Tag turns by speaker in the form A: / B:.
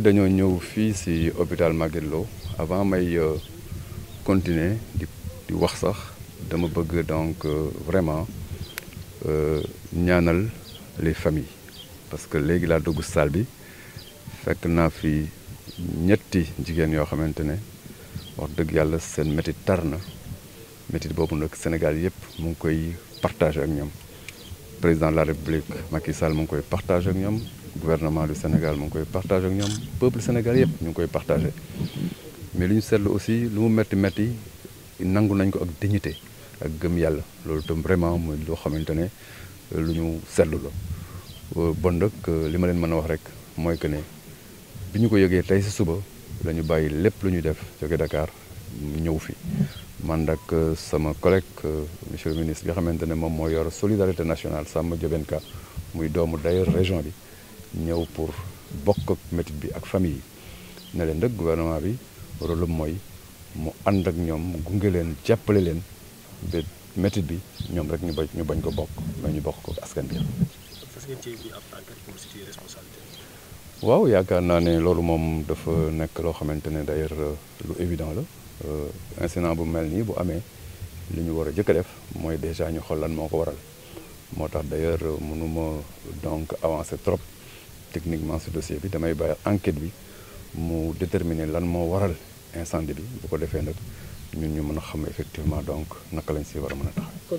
A: dañoo ñëw fii ci hôpital Magatte loo avant may euh, continuer di di wax sax dama bëgg donc euh, vraiment euh, ñaanal les familles parce que léegi laa dugg salle bi fekk naa fi ñetti jigéen yoo xamante ne wax dëgg yàlla seen métit tar na métit boobu nag Sénégal yëpp mu ngi koy partage ak ñoom président de la République Macky Sall mu ngi koy partagé ak ñoom gouvernement du Sénégal mu ngi koy partagé ak ñoom peuple Sénégal yëpp ñu ngi koy partagé mais li ñu seetlu aussi lu mu métti métti nangu nañ ko ak dignité ak gëm yàlla loolu itam vraiment muy loo xamante ne lu ñu seetlu la euh, bon nag li ma leen mën a wax rek mooy que ne bi ñu ko yëgee tey si suba lañu ñu bàyyi lépp lu ñu def jóge Dakar ñëw fi man nag euh, sama collègue euh, monsieur le ministre nga xamante ne moom mooy yor solidarité nationale Samba Diobène Ka muy doomu d'ailleurs région bi ñëw pour bokk ak métit bi ak famille yi ne leen nag gouvernement bi rôle mooy mu ànd ak ñoom gunge leen jàppale leen ba métit bi ñoom rek ñu bañ ñu bañ ko bokk mais ñu bokk ko askan bi waaw yaakaar naa ne loolu moom dafa nekk loo xamante ne d'ailleurs euh, lu évident la euh, incident bu mel nii bu amee lu ñu war a jëkk a def mooy déjà ñu xool lan moo ko waral moo tax d'ailleurs euh, mënuma donc avancer trop techniquement ce dossier bi damay bàyyi enquête bi mu déterminer lan moo waral incendie bi bu ko defee nag ñun ñu mën a xam effectivement donc naka lañ si war a mën a taxaw